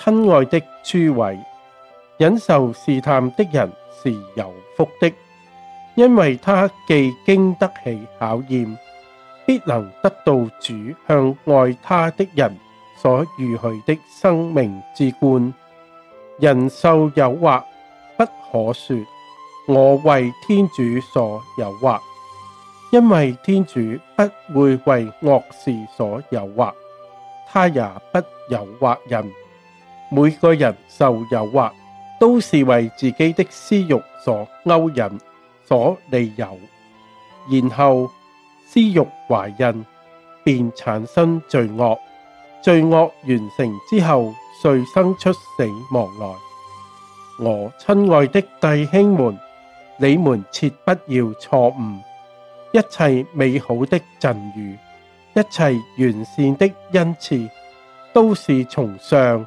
親愛的諸位，忍受試探的人是有福的，因為他既經得起考驗，必能得到主向愛他的人所預許的生命之冠。人受誘惑，不可說我為天主所誘惑，因為天主不會為惡事所誘惑，他也不誘惑人。每個人受誘惑，都是為自己的私慾所勾引、所餌誘，然後私慾懷孕，便產生罪惡。罪惡完成之後，遂生出死亡來。我親愛的弟兄們，你們切不要錯誤，一切美好的贈與，一切完善的恩賜，都是從上。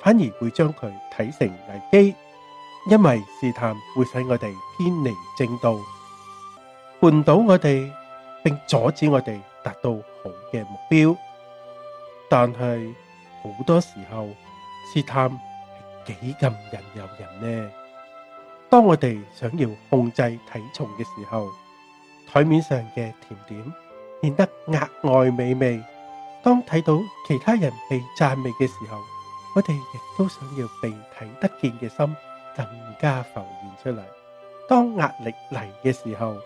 反而會將佢睇成危機，因為試探會使我哋偏離正道，絆倒我哋，並阻止我哋達到好嘅目標。但係好多時候，試探係幾咁引誘人呢？當我哋想要控制體重嘅時候，台面上嘅甜點顯得額外美味；當睇到其他人被讚美嘅時候，我哋亦都想要被睇得見嘅心更加浮現出嚟。當壓力嚟嘅時候，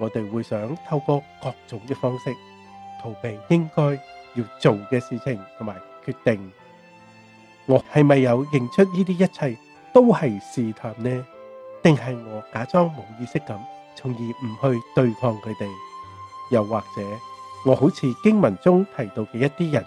我哋會想透過各種嘅方式逃避應該要做嘅事情同埋決定。我係咪有認出呢啲一切都係試探呢？定係我假裝冇意識咁，從而唔去對抗佢哋？又或者我好似經文中提到嘅一啲人？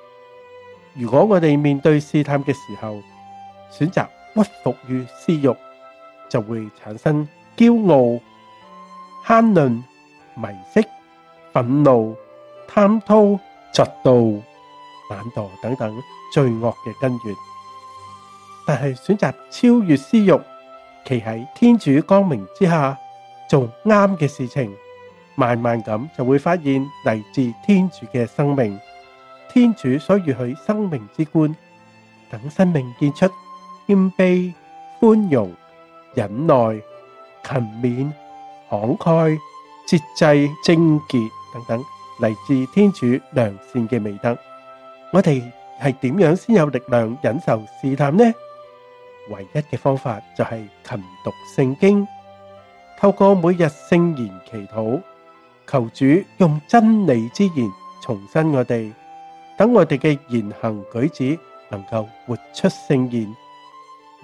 如果我哋面對試探嘅時候，選擇屈服於私慾，就會產生驕傲、慳吝、迷色、憤怒、貪饕、嫉妒、懶惰等等罪惡嘅根源。但係選擇超越私慾，企喺天主光明之下做啱嘅事情，慢慢咁就會發現嚟自天主嘅生命。天主所預許生命之冠，等生命結出謙卑、寬容、忍耐、勤勉、慷慨、節制、貞潔等等，嚟自天主良善嘅美德。我哋係點樣先有力量忍受試探呢？唯一嘅方法就係勤讀聖經，透過每日聖言祈禱，求主用真理之言重生我哋。等我哋嘅言行舉止能夠活出聖言，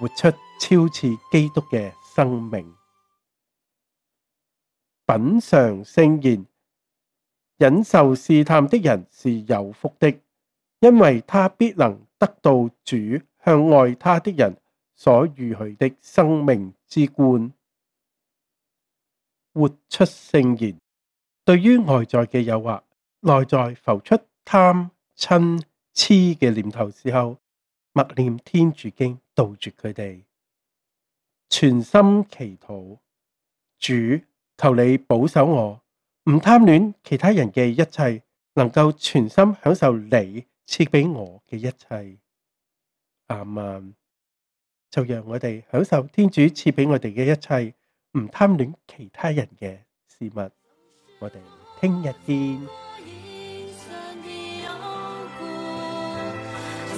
活出肖似基督嘅生命。品嚐聖言，忍受試探的人是有福的，因為他必能得到主向愛他的人所預許的生命之冠。活出聖言，對於外在嘅誘惑，內在浮出貪。嗔痴嘅念頭時候，默念天主經，杜絕佢哋，全心祈禱，主求你保守我，唔貪戀其他人嘅一切，能夠全心享受你賜俾我嘅一切。阿、嗯、們、嗯，就讓我哋享受天主賜俾我哋嘅一切，唔貪戀其他人嘅事物。我哋聽日見。